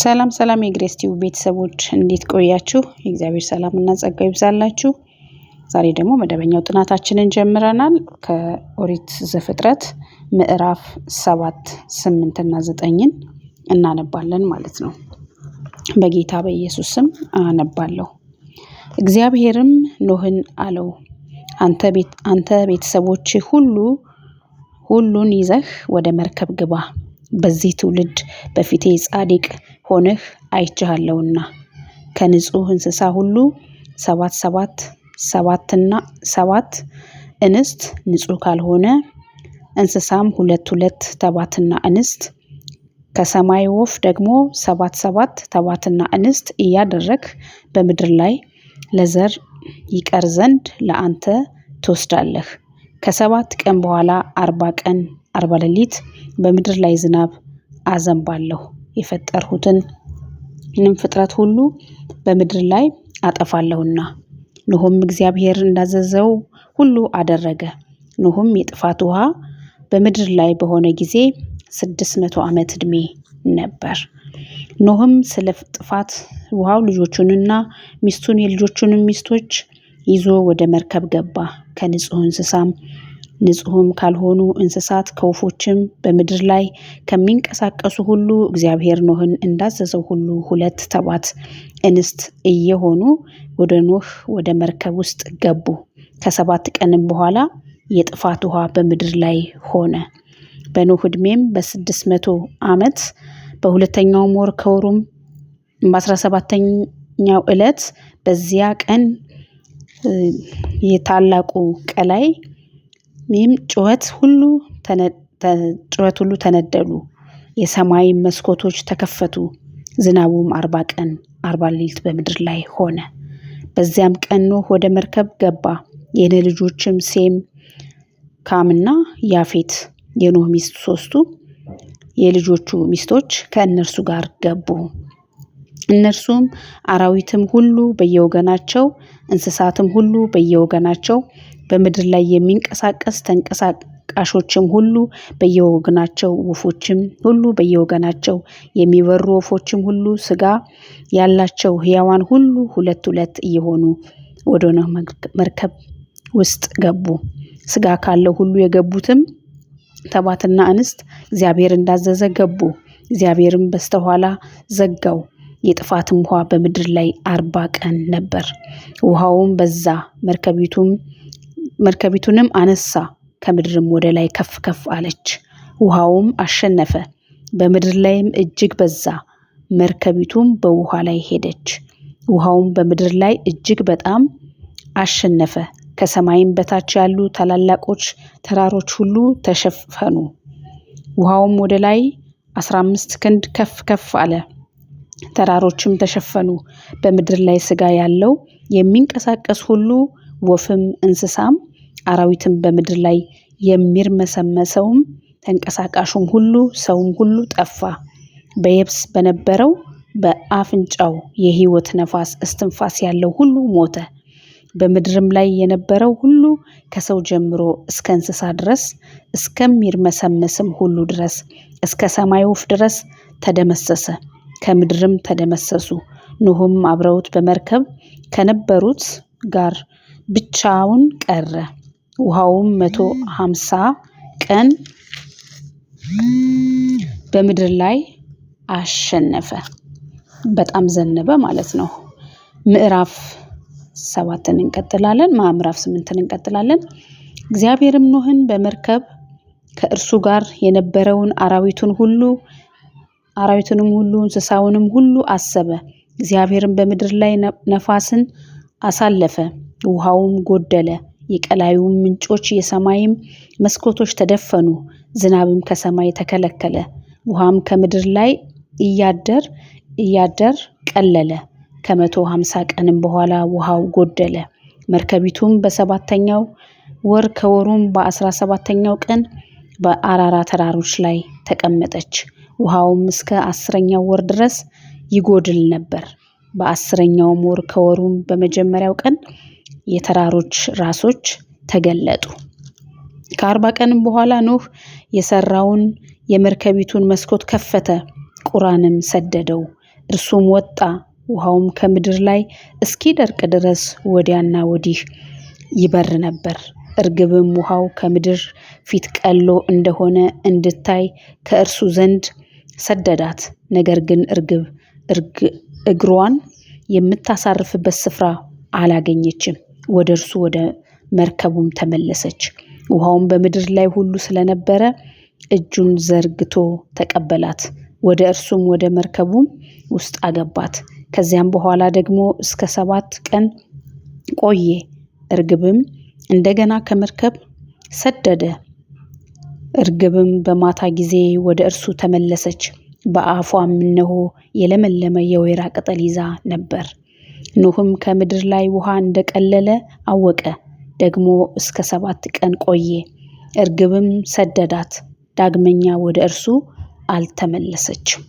ሰላም ሰላም የግሬስ ቲዩብ ቤተሰቦች እንዴት ቆያችሁ? የእግዚአብሔር ሰላም እና ጸጋ ይብዛላችሁ። ዛሬ ደግሞ መደበኛው ጥናታችንን ጀምረናል። ከኦሪት ዘፍጥረት ምዕራፍ ሰባት ስምንትና ዘጠኝን እናነባለን ማለት ነው። በጌታ በኢየሱስ ስም አነባለሁ። እግዚአብሔርም ኖህን አለው አንተ ቤተሰቦች ሁሉ ሁሉን ይዘህ ወደ መርከብ ግባ በዚህ ትውልድ በፊቴ ጻድቅ ሆነህ አይቼሃለሁና ከንጹህ እንስሳ ሁሉ ሰባት ሰባት ሰባትና ሰባት እንስት ንጹህ ካልሆነ እንስሳም ሁለት ሁለት ተባትና እንስት ከሰማይ ወፍ ደግሞ ሰባት ሰባት ተባትና እንስት እያደረግ በምድር ላይ ለዘር ይቀር ዘንድ ለአንተ ትወስዳለህ። ከሰባት ቀን በኋላ አርባ ቀን አርባ ሌሊት በምድር ላይ ዝናብ አዘንባለሁ የፈጠርሁትን ምንም ፍጥረት ሁሉ በምድር ላይ አጠፋለሁና። ኖሆም እግዚአብሔር እንዳዘዘው ሁሉ አደረገ። ኖሆም የጥፋት ውሃ በምድር ላይ በሆነ ጊዜ ስድስት መቶ ዓመት ዕድሜ ነበር። ኖህም ስለ ጥፋት ውሃው ልጆቹንና ሚስቱን የልጆቹንም ሚስቶች ይዞ ወደ መርከብ ገባ። ከንጹህ እንስሳም ንጹህም ካልሆኑ እንስሳት ከወፎችም በምድር ላይ ከሚንቀሳቀሱ ሁሉ እግዚአብሔር ኖህን እንዳዘዘው ሁሉ ሁለት ተባት እንስት እየሆኑ ወደ ኖህ ወደ መርከብ ውስጥ ገቡ። ከሰባት ቀንም በኋላ የጥፋት ውሃ በምድር ላይ ሆነ። በኖህ ዕድሜም በስድስት መቶ ዓመት በሁለተኛውም ወር ከወሩም በአስራ ሰባተኛው ዕለት በዚያ ቀን የታላቁ ቀላይ ይህም ጩኸት ሁሉ ጩኸት ሁሉ ተነደሉ፣ የሰማይ መስኮቶች ተከፈቱ። ዝናቡም አርባ ቀን አርባ ሌሊት በምድር ላይ ሆነ። በዚያም ቀን ኖህ ወደ መርከብ ገባ። የነ ልጆችም ሴም፣ ካምና ያፌት የኖህ ሚስት ሶስቱ የልጆቹ ሚስቶች ከእነርሱ ጋር ገቡ። እነርሱም አራዊትም ሁሉ በየወገናቸው፣ እንስሳትም ሁሉ በየወገናቸው፣ በምድር ላይ የሚንቀሳቀስ ተንቀሳቃሾችም ሁሉ በየወገናቸው ወፎችም ሁሉ በየወገናቸው የሚበሩ ወፎችም ሁሉ ስጋ ያላቸው ህያዋን ሁሉ ሁለት ሁለት እየሆኑ ወደ ኖህ መርከብ ውስጥ ገቡ። ስጋ ካለው ሁሉ የገቡትም ተባትና እንስት እግዚአብሔር እንዳዘዘ ገቡ። እግዚአብሔርም በስተኋላ ዘጋው። የጥፋትም ውሃ በምድር ላይ አርባ ቀን ነበር። ውሃውም በዛ መርከቢቱም መርከቢቱንም አነሳ፣ ከምድርም ወደ ላይ ከፍ ከፍ አለች። ውሃውም አሸነፈ፣ በምድር ላይም እጅግ በዛ። መርከቢቱም በውሃ ላይ ሄደች። ውሃውም በምድር ላይ እጅግ በጣም አሸነፈ። ከሰማይም በታች ያሉ ታላላቆች ተራሮች ሁሉ ተሸፈኑ። ውሃውም ወደ ላይ አስራ አምስት ክንድ ከፍ ከፍ አለ። ተራሮችም ተሸፈኑ። በምድር ላይ ስጋ ያለው የሚንቀሳቀስ ሁሉ ወፍም እንስሳም አራዊትም በምድር ላይ የሚርመሰመሰውም ተንቀሳቃሹም ሁሉ ሰውም ሁሉ ጠፋ። በየብስ በነበረው በአፍንጫው የሕይወት ነፋስ እስትንፋስ ያለው ሁሉ ሞተ። በምድርም ላይ የነበረው ሁሉ ከሰው ጀምሮ እስከ እንስሳ ድረስ እስከሚርመሰመስም ሁሉ ድረስ እስከ ሰማይ ወፍ ድረስ ተደመሰሰ። ከምድርም ተደመሰሱ። ኖኅም አብረውት በመርከብ ከነበሩት ጋር ብቻውን ቀረ። ውሃውም መቶ ሀምሳ ቀን በምድር ላይ አሸነፈ። በጣም ዘነበ ማለት ነው። ምዕራፍ ሰባትን እንቀጥላለን። ምዕራፍ ስምንትን እንቀጥላለን። እግዚአብሔርም ኖህን በመርከብ ከእርሱ ጋር የነበረውን አራዊቱን ሁሉ አራዊቱንም ሁሉ እንስሳውንም ሁሉ አሰበ። እግዚአብሔርም በምድር ላይ ነፋስን አሳለፈ፣ ውሃውም ጎደለ፣ የቀላዩም ምንጮች የሰማይም መስኮቶች ተደፈኑ፣ ዝናብም ከሰማይ ተከለከለ፣ ውሃም ከምድር ላይ እያደር እያደር ቀለለ። ከመቶ ሀምሳ ቀንም በኋላ ውሃው ጎደለ። መርከቢቱም በሰባተኛው ወር ከወሩም በአስራ ሰባተኛው ቀን በአራራ ተራሮች ላይ ተቀመጠች። ውሃውም እስከ አስረኛው ወር ድረስ ይጎድል ነበር። በአስረኛውም ወር ከወሩም በመጀመሪያው ቀን የተራሮች ራሶች ተገለጡ። ከአርባ ቀንም በኋላ ኖህ የሰራውን የመርከቢቱን መስኮት ከፈተ፣ ቁራንም ሰደደው። እርሱም ወጣ፣ ውሃውም ከምድር ላይ እስኪደርቅ ድረስ ወዲያና ወዲህ ይበር ነበር። እርግብም ውሃው ከምድር ፊት ቀሎ እንደሆነ እንድታይ ከእርሱ ዘንድ ሰደዳት። ነገር ግን እርግብ እግሯን የምታሳርፍበት ስፍራ አላገኘችም። ወደ እርሱ ወደ መርከቡም ተመለሰች። ውሃውም በምድር ላይ ሁሉ ስለነበረ እጁን ዘርግቶ ተቀበላት፣ ወደ እርሱም ወደ መርከቡም ውስጥ አገባት። ከዚያም በኋላ ደግሞ እስከ ሰባት ቀን ቆየ። እርግብም እንደገና ከመርከብ ሰደደ። እርግብም በማታ ጊዜ ወደ እርሱ ተመለሰች። በአፏም እነሆ የለመለመ የወይራ ቅጠል ይዛ ነበር። ኖኅም ከምድር ላይ ውሃ እንደቀለለ አወቀ። ደግሞ እስከ ሰባት ቀን ቆየ። እርግብም ሰደዳት፣ ዳግመኛ ወደ እርሱ አልተመለሰችም።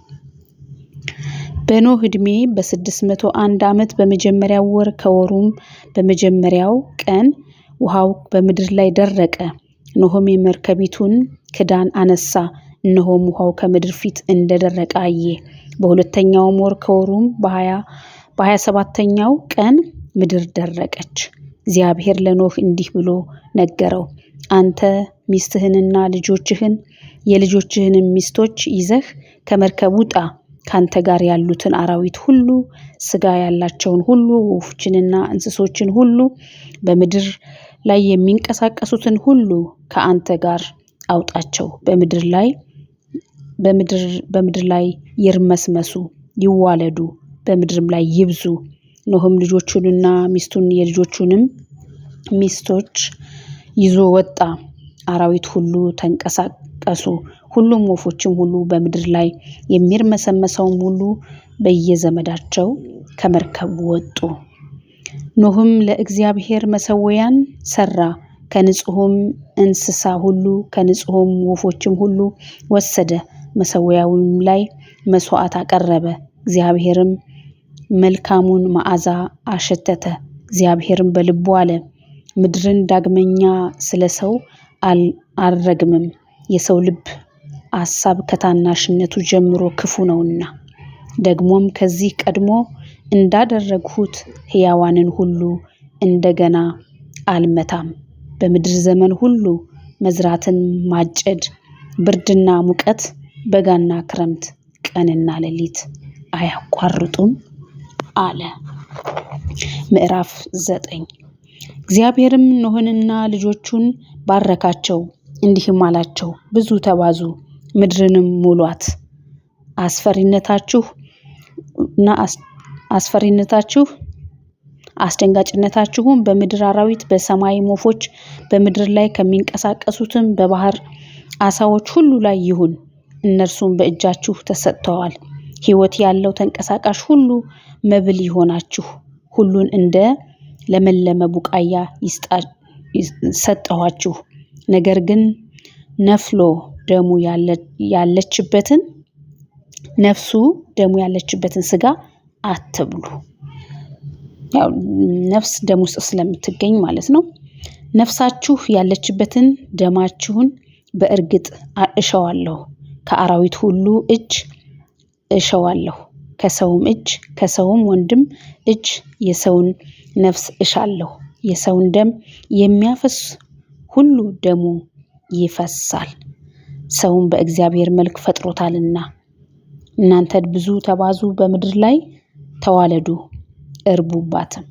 በኖህ ዕድሜ በስድስት መቶ አንድ ዓመት በመጀመሪያው ወር ከወሩም በመጀመሪያው ቀን ውሃው በምድር ላይ ደረቀ። ኖህም የመርከቢቱን ክዳን አነሳ እነሆም ውሃው ከምድር ፊት እንደደረቀ አየ። በሁለተኛውም ወር ከወሩም በሀያ በሀያ ሰባተኛው ቀን ምድር ደረቀች። እግዚአብሔር ለኖህ እንዲህ ብሎ ነገረው፣ አንተ ሚስትህንና ልጆችህን የልጆችህንም ሚስቶች ይዘህ ከመርከብ ውጣ። ካንተ ጋር ያሉትን አራዊት ሁሉ፣ ስጋ ያላቸውን ሁሉ፣ ወፎችንና እንስሶችን ሁሉ፣ በምድር ላይ የሚንቀሳቀሱትን ሁሉ ከአንተ ጋር አውጣቸው። በምድር ላይ በምድር ላይ ይርመስመሱ፣ ይዋለዱ፣ በምድርም ላይ ይብዙ። ኖህም ልጆቹንና ሚስቱን የልጆቹንም ሚስቶች ይዞ ወጣ። አራዊት ሁሉ ተንቀሳቀሱ፣ ሁሉም ወፎችም ሁሉ በምድር ላይ የሚርመሰመሰውም ሁሉ በየዘመዳቸው ከመርከቡ ወጡ። ኖህም ለእግዚአብሔር መሰዊያን ሰራ፣ ከንጹሕም እንስሳ ሁሉ ከንጹሕም ወፎችም ሁሉ ወሰደ፣ መሰዊያውም ላይ መስዋዕት አቀረበ። እግዚአብሔርም መልካሙን መዓዛ አሸተተ። እግዚአብሔርም በልቡ አለ፣ ምድርን ዳግመኛ ስለ ሰው አልረግምም፣ የሰው ልብ አሳብ ከታናሽነቱ ጀምሮ ክፉ ነውና። ደግሞም ከዚህ ቀድሞ እንዳደረግሁት ሕያዋንን ሁሉ እንደገና አልመታም። በምድር ዘመን ሁሉ መዝራትን ማጨድ፣ ብርድና ሙቀት፣ በጋና ክረምት፣ ቀንና ሌሊት አያቋርጡም አለ። ምዕራፍ ዘጠኝ እግዚአብሔርም ኖህንና ልጆቹን ባረካቸው፣ እንዲህም አላቸው ብዙ ተባዙ፣ ምድርንም ሙሏት፣ አስፈሪነታችሁ እና አስፈሪነታችሁ አስደንጋጭነታችሁም በምድር አራዊት፣ በሰማይ ወፎች፣ በምድር ላይ ከሚንቀሳቀሱትም በባህር አሳዎች ሁሉ ላይ ይሁን። እነርሱም በእጃችሁ ተሰጥተዋል። ህይወት ያለው ተንቀሳቃሽ ሁሉ መብል ይሆናችሁ፣ ሁሉን እንደ ለመለመ ቡቃያ ሰጠኋችሁ። ነገር ግን ነፍሎ ደሙ ያለችበትን ነፍሱ ደሙ ያለችበትን ስጋ አትብሉ። ያው ነፍስ ደም ውስጥ ስለምትገኝ ማለት ነው። ነፍሳችሁ ያለችበትን ደማችሁን በእርግጥ እሻዋለሁ ከአራዊት ሁሉ እጅ እሸዋለሁ ከሰውም እጅ ከሰውም ወንድም እጅ የሰውን ነፍስ እሻለሁ የሰውን ደም የሚያፈስ ሁሉ ደሙ ይፈሳል ሰውን በእግዚአብሔር መልክ ፈጥሮታልና እናንተ ብዙ ተባዙ በምድር ላይ ተዋለዱ እርቡባትም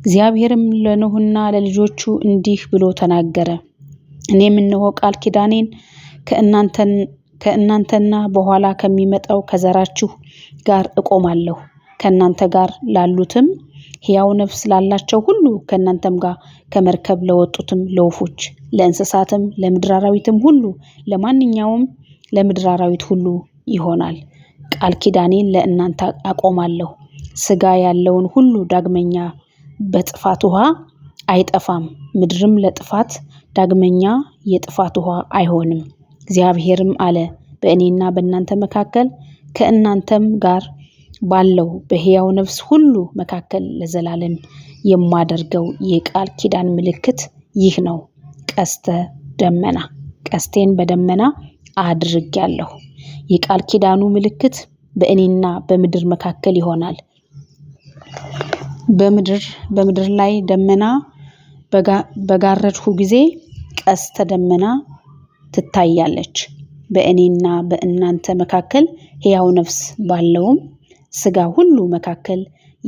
እግዚአብሔርም ለኖህና ለልጆቹ እንዲህ ብሎ ተናገረ እኔም እነሆ ቃል ኪዳኔን ከእናንተን ከእናንተና በኋላ ከሚመጣው ከዘራችሁ ጋር እቆማለሁ ከእናንተ ጋር ላሉትም ሕያው ነፍስ ላላቸው ሁሉ ከእናንተም ጋር ከመርከብ ለወጡትም ለወፎች፣ ለእንስሳትም፣ ለምድር አራዊትም ሁሉ ለማንኛውም ለምድር አራዊት ሁሉ ይሆናል። ቃል ኪዳኔን ለእናንተ አቆማለሁ። ስጋ ያለውን ሁሉ ዳግመኛ በጥፋት ውሃ አይጠፋም፣ ምድርም ለጥፋት ዳግመኛ የጥፋት ውሃ አይሆንም። እግዚአብሔርም አለ በእኔና በእናንተ መካከል ከእናንተም ጋር ባለው በሕያው ነፍስ ሁሉ መካከል ለዘላለም የማደርገው የቃል ኪዳን ምልክት ይህ ነው፣ ቀስተ ደመና ቀስቴን በደመና አድርጌያለሁ። የቃል ኪዳኑ ምልክት በእኔና በምድር መካከል ይሆናል። በምድር በምድር ላይ ደመና በጋረድሁ ጊዜ ቀስተ ደመና ትታያለች። በእኔና በእናንተ መካከል ሕያው ነፍስ ባለውም ሥጋ ሁሉ መካከል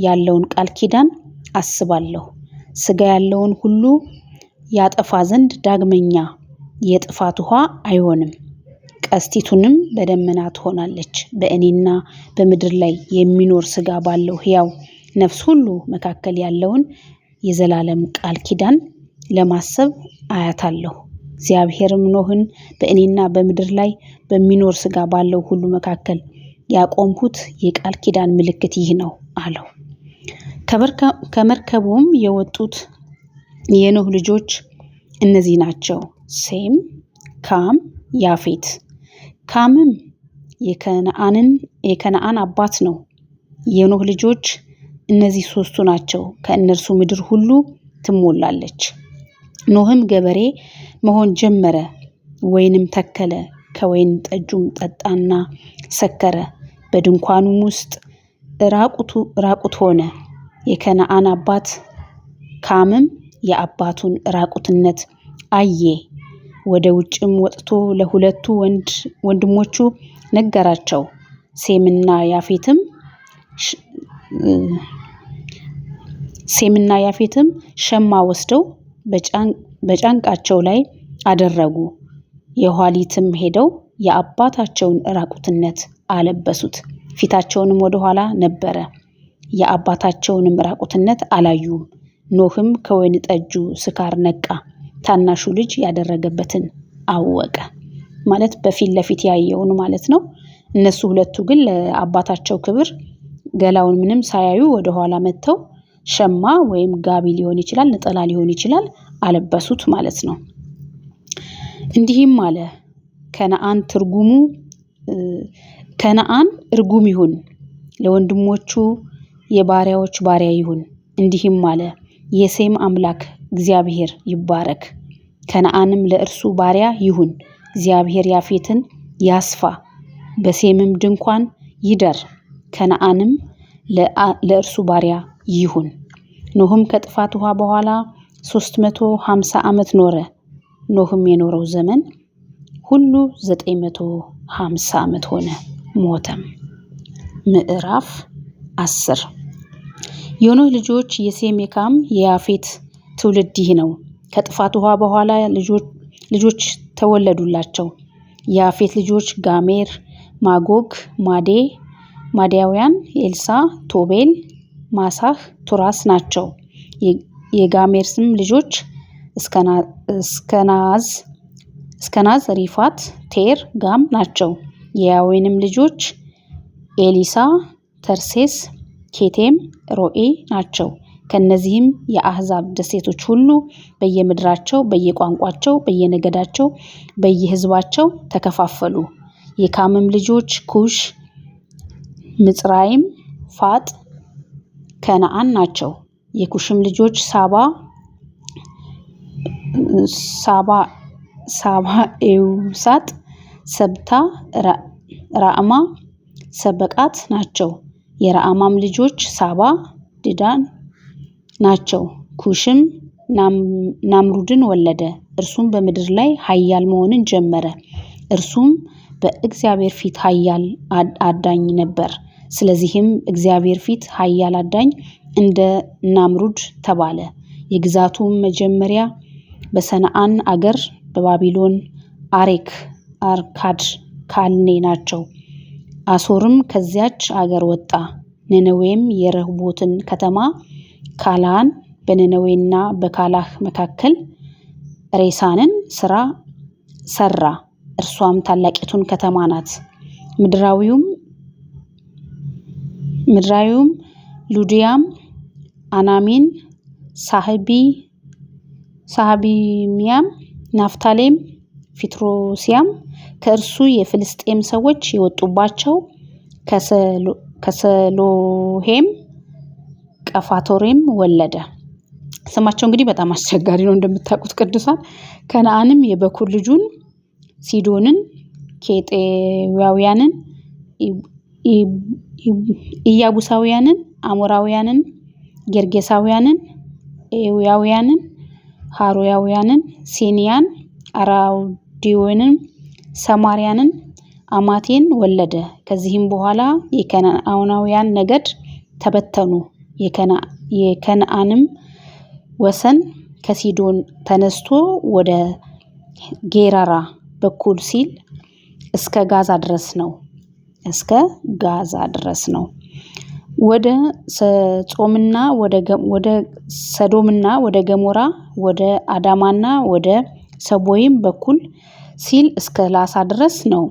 ያለውን ቃል ኪዳን አስባለሁ። ሥጋ ያለውን ሁሉ ያጠፋ ዘንድ ዳግመኛ የጥፋት ውኃ አይሆንም። ቀስቲቱንም በደመና ትሆናለች። በእኔና በምድር ላይ የሚኖር ሥጋ ባለው ሕያው ነፍስ ሁሉ መካከል ያለውን የዘላለም ቃል ኪዳን ለማሰብ አያታለሁ። እግዚአብሔርም ኖህን በእኔና በምድር ላይ በሚኖር ስጋ ባለው ሁሉ መካከል ያቆምሁት የቃል ኪዳን ምልክት ይህ ነው አለው። ከመርከቡም የወጡት የኖህ ልጆች እነዚህ ናቸው፣ ሴም፣ ካም፣ ያፌት። ካምም የከነአንን የከነአን አባት ነው። የኖህ ልጆች እነዚህ ሶስቱ ናቸው። ከእነርሱ ምድር ሁሉ ትሞላለች። ኖህም ገበሬ መሆን ጀመረ። ወይንም ተከለ፣ ከወይን ጠጁም ጠጣና ሰከረ። በድንኳኑም ውስጥ ራቁቱ ራቁት ሆነ። የከነአን አባት ካምም የአባቱን ራቁትነት አየ። ወደ ውጭም ወጥቶ ለሁለቱ ወንድሞቹ ነገራቸው። ሴምና ያፌትም ሴምና ያፌትም ሸማ ወስደው በጫንቃቸው ላይ አደረጉ። የኋሊትም ሄደው የአባታቸውን ራቁትነት አለበሱት። ፊታቸውንም ወደኋላ ነበረ፣ የአባታቸውንም ራቁትነት አላዩም። ኖህም ከወይን ጠጁ ስካር ነቃ፣ ታናሹ ልጅ ያደረገበትን አወቀ። ማለት በፊት ለፊት ያየውን ማለት ነው። እነሱ ሁለቱ ግን ለአባታቸው ክብር ገላውን ምንም ሳያዩ ወደኋላ መጥተው ሸማ ወይም ጋቢ ሊሆን ይችላል ነጠላ ሊሆን ይችላል አለበሱት ማለት ነው። እንዲህም አለ ከነአን ትርጉሙ ከነአን እርጉም ይሁን ለወንድሞቹ የባሪያዎች ባሪያ ይሁን እንዲህም አለ የሴም አምላክ እግዚአብሔር ይባረክ ከነአንም ለእርሱ ባሪያ ይሁን እግዚአብሔር ያፌትን ያስፋ በሴምም ድንኳን ይደር ከነአንም ለእርሱ ባሪያ ይሁን። ኖህም ከጥፋት ውሃ በኋላ 350 ዓመት ኖረ። ኖህም የኖረው ዘመን ሁሉ 950 ዓመት ሆነ፣ ሞተም። ምዕራፍ 10 የኖህ ልጆች የሴም፣ የካም፣ የያፌት ትውልድ ይህ ነው። ከጥፋት ውሃ በኋላ ልጆች ተወለዱላቸው። የያፌት ልጆች ጋሜር፣ ማጎግ፣ ማዴ፣ ማዲያውያን፣ ኤልሳ፣ ቶቤል፣ ማሳህ ቱራስ ናቸው። የጋሜርስም ልጆች እስከናዝ እስከናዝ ሪፋት ቴር ጋም ናቸው። የያዌንም ልጆች ኤሊሳ ተርሴስ ኬቴም ሮኤ ናቸው። ከእነዚህም የአህዛብ ደሴቶች ሁሉ በየምድራቸው በየቋንቋቸው በየነገዳቸው በየህዝባቸው ተከፋፈሉ። የካምም ልጆች ኩሽ፣ ምጽራይም፣ ፋጥ፣ ከነአን ናቸው። የኩሽም ልጆች ሳባ ሳባ ሳባ ኤውሳጥ፣ ሰብታ፣ ራእማ፣ ሰበቃት ናቸው። የራእማም ልጆች ሳባ፣ ድዳን ናቸው። ኩሽም ናምሩድን ወለደ። እርሱም በምድር ላይ ኃያል መሆንን ጀመረ። እርሱም በእግዚአብሔር ፊት ኃያል አዳኝ ነበር። ስለዚህም እግዚአብሔር ፊት ኃያል አዳኝ እንደ ናምሩድ ተባለ። የግዛቱ መጀመሪያ በሰነአን አገር በባቢሎን፣ አሬክ፣ አርካድ፣ ካልኔ ናቸው። አሶርም ከዚያች አገር ወጣ። ነነዌም የረህቦትን ከተማ ካላን በነነዌና በካላህ መካከል ሬሳንን ስራ ሰራ። እርሷም ታላቂቱን ከተማ ናት። ምድራዊውም ምድራዊውም ሉዲያም አናሚን ሳህቢ ሳህቢሚያም ናፍታሌም ፊትሮሲያም ከእርሱ የፍልስጤም ሰዎች የወጡባቸው ከሰሎሄም ቀፋቶሬም ወለደ። ስማቸው እንግዲህ በጣም አስቸጋሪ ነው እንደምታውቁት ቅዱሳን። ከነአንም የበኩር ልጁን ሲዶንን፣ ኬጤያውያንን፣ ኢያቡሳውያንን፣ አሞራውያንን፣ ጌርጌሳውያንን፣ ኤውያውያንን ሃሮያውያንን ሲኒያን፣ አራውዲዮንን፣ ሰማርያንን፣ አማቴን ወለደ። ከዚህም በኋላ የከነዓናውያን ነገድ ተበተኑ። የከነአንም ወሰን ከሲዶን ተነስቶ ወደ ጌራራ በኩል ሲል እስከ ጋዛ ድረስ ነው። እስከ ጋዛ ድረስ ነው። ወደ ጾምና ወደ ሰዶምና ወደ ገሞራ ወደ አዳማና ወደ ሰቦይም በኩል ሲል እስከ ላሳ ድረስ ነው።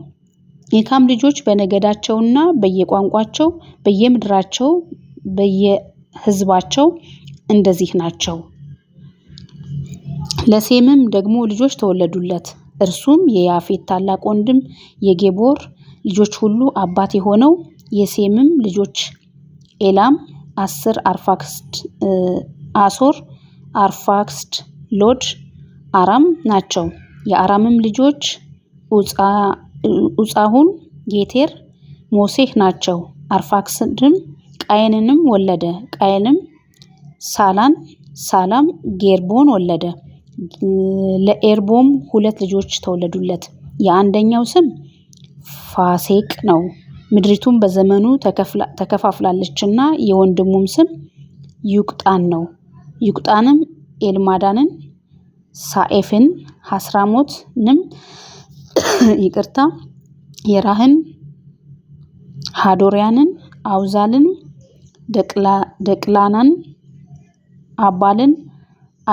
የካም ልጆች በነገዳቸውና በየቋንቋቸው በየምድራቸው በየህዝባቸው እንደዚህ ናቸው። ለሴምም ደግሞ ልጆች ተወለዱለት። እርሱም የያፌት ታላቅ ወንድም የጌቦር ልጆች ሁሉ አባት የሆነው የሴምም ልጆች ኤላም፣ አስር አርፋክስድ፣ አሶር፣ አርፋክስድ፣ ሎድ፣ አራም ናቸው። የአራምም ልጆች ኡጻሁን፣ ጌቴር፣ ሞሴህ ናቸው። አርፋክስድም ቃየንንም ወለደ። ቃየንም ሳላን፣ ሳላም ጌርቦን ወለደ። ለኤርቦም ሁለት ልጆች ተወለዱለት። የአንደኛው ስም ፋሴቅ ነው። ምድሪቱም በዘመኑ ተከፋፍላለችና የወንድሙም ስም ዩቅጣን ነው። ዩቅጣንም ኤልማዳንን፣ ሳኤፍን፣ ሐስራሞትንም ይቅርታ የራህን፣ ሃዶርያንን፣ አውዛልን፣ ደቅላናን፣ አባልን፣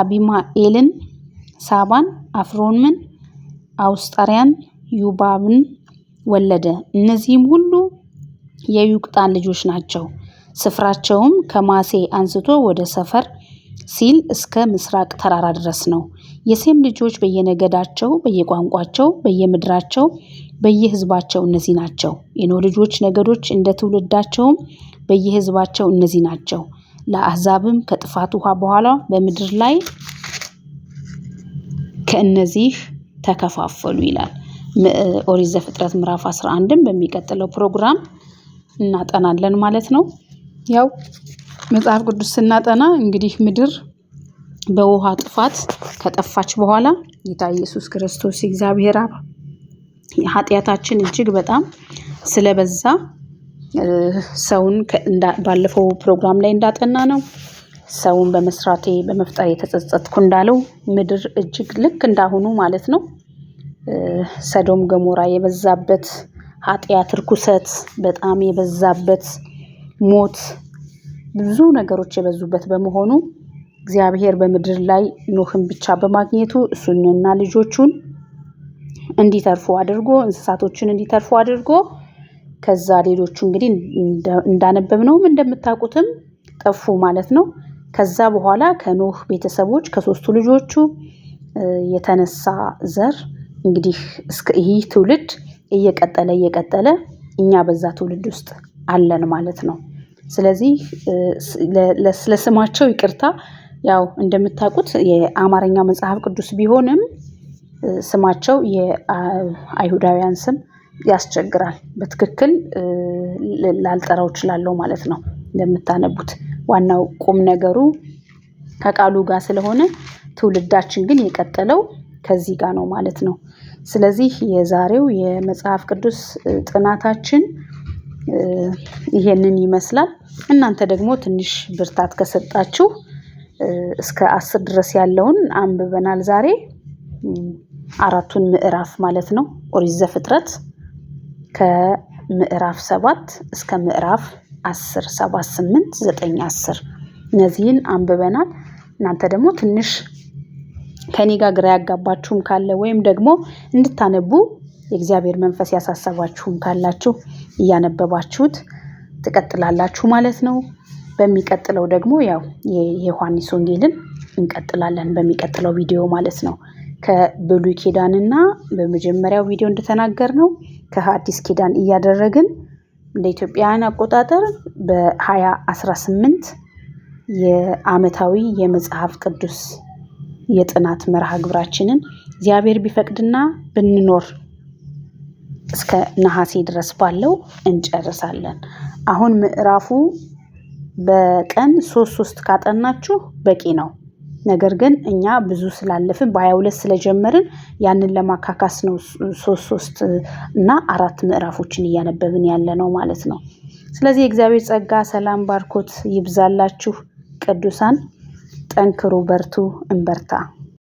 አቢማኤልን፣ ሳባን፣ አፍሮንምን አውስጣሪያን፣ ዩባብን ወለደ። እነዚህም ሁሉ የዩቅጣን ልጆች ናቸው። ስፍራቸውም ከማሴ አንስቶ ወደ ሰፈር ሲል እስከ ምስራቅ ተራራ ድረስ ነው። የሴም ልጆች በየነገዳቸው፣ በየቋንቋቸው፣ በየምድራቸው፣ በየህዝባቸው እነዚህ ናቸው። የኖ ልጆች ነገዶች እንደ ትውልዳቸውም በየህዝባቸው እነዚህ ናቸው። ለአሕዛብም ከጥፋት ውኃ በኋላ በምድር ላይ ከእነዚህ ተከፋፈሉ ይላል። ኦሪት ዘፍጥረት ምዕራፍ 11ን በሚቀጥለው ፕሮግራም እናጠናለን ማለት ነው። ያው መጽሐፍ ቅዱስ ስናጠና እንግዲህ ምድር በውሃ ጥፋት ከጠፋች በኋላ ጌታ ኢየሱስ ክርስቶስ እግዚአብሔር አብ ኃጢአታችን እጅግ በጣም ስለበዛ ሰውን ባለፈው ፕሮግራም ላይ እንዳጠና ነው ሰውን በመስራቴ በመፍጠር የተጸጸትኩ እንዳለው ምድር እጅግ ልክ እንዳሁኑ ማለት ነው ሰዶም ገሞራ የበዛበት ኃጢአት፣ ርኩሰት በጣም የበዛበት ሞት፣ ብዙ ነገሮች የበዙበት በመሆኑ እግዚአብሔር በምድር ላይ ኖህን ብቻ በማግኘቱ እሱንና ልጆቹን እንዲተርፉ አድርጎ እንስሳቶችን እንዲተርፉ አድርጎ ከዛ ሌሎቹ እንግዲህ እንዳነበብነውም እንደምታውቁትም ጠፉ ማለት ነው። ከዛ በኋላ ከኖህ ቤተሰቦች ከሶስቱ ልጆቹ የተነሳ ዘር እንግዲህ ይህ ትውልድ እየቀጠለ እየቀጠለ እኛ በዛ ትውልድ ውስጥ አለን ማለት ነው። ስለዚህ ስለስማቸው ይቅርታ ያው እንደምታውቁት የአማርኛ መጽሐፍ ቅዱስ ቢሆንም ስማቸው የአይሁዳውያን ስም ያስቸግራል። በትክክል ላልጠራው እችላለሁ ማለት ነው። እንደምታነቡት ዋናው ቁም ነገሩ ከቃሉ ጋር ስለሆነ ትውልዳችን ግን የቀጠለው ከዚህ ጋር ነው ማለት ነው። ስለዚህ የዛሬው የመጽሐፍ ቅዱስ ጥናታችን ይሄንን ይመስላል። እናንተ ደግሞ ትንሽ ብርታት ከሰጣችሁ እስከ አስር ድረስ ያለውን አንብበናል ዛሬ አራቱን ምዕራፍ ማለት ነው። ኦሪት ዘፍጥረት ከምዕራፍ ሰባት እስከ ምዕራፍ አስር ሰባት ስምንት ዘጠኝ አስር እነዚህን አንብበናል። እናንተ ደግሞ ትንሽ ከኔ ጋር ግራ ያጋባችሁም ካለ ወይም ደግሞ እንድታነቡ የእግዚአብሔር መንፈስ ያሳሰባችሁም ካላችሁ እያነበባችሁት ትቀጥላላችሁ ማለት ነው። በሚቀጥለው ደግሞ ያው የዮሐንስ ወንጌልን እንቀጥላለን በሚቀጥለው ቪዲዮ ማለት ነው። ከብሉይ ኪዳንና በመጀመሪያው ቪዲዮ እንደተናገር ነው ከሐዲስ ኪዳን እያደረግን እንደ ኢትዮጵያውያን አቆጣጠር በ2018 የዓመታዊ የመጽሐፍ ቅዱስ የጥናት መርሃ ግብራችንን እግዚአብሔር ቢፈቅድና ብንኖር እስከ ነሐሴ ድረስ ባለው እንጨርሳለን። አሁን ምዕራፉ በቀን ሶስት ሶስት ካጠናችሁ በቂ ነው። ነገር ግን እኛ ብዙ ስላለፍን በሀያ ሁለት ስለጀመርን ያንን ለማካካስ ነው ሶስት ሶስት እና አራት ምዕራፎችን እያነበብን ያለ ነው ማለት ነው። ስለዚህ የእግዚአብሔር ጸጋ፣ ሰላም፣ ባርኮት ይብዛላችሁ ቅዱሳን። ጠንክሩ፣ በርቱ፣ እንበርታ።